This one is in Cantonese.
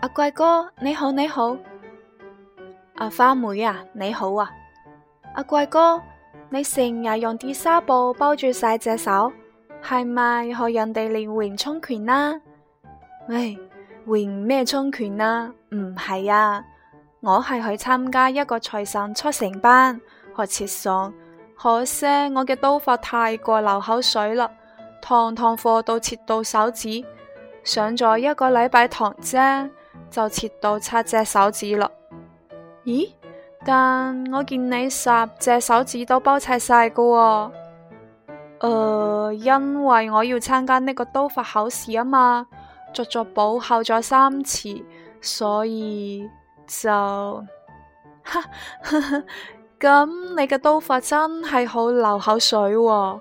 阿貴、啊、哥，你好，你好。阿、啊、花妹啊，你好啊。阿、啊、貴哥，你成日用啲紗布包住晒隻手，係咪學人哋練詠春拳啦？唉，詠咩春拳啊？唔係、哎、啊，啊，我係去參加一個廚神速成班學切餸，可惜我嘅刀法太過流口水啦，堂堂課都切到手指，上咗一個禮拜堂啫。就切到七隻手指啦！咦？但我見你十隻手指都包齊晒㗎，呃，因為我要參加呢個刀法考試啊嘛，足足補考咗三次，所以就，哈，哈，咁你嘅刀法真係好流口水喎。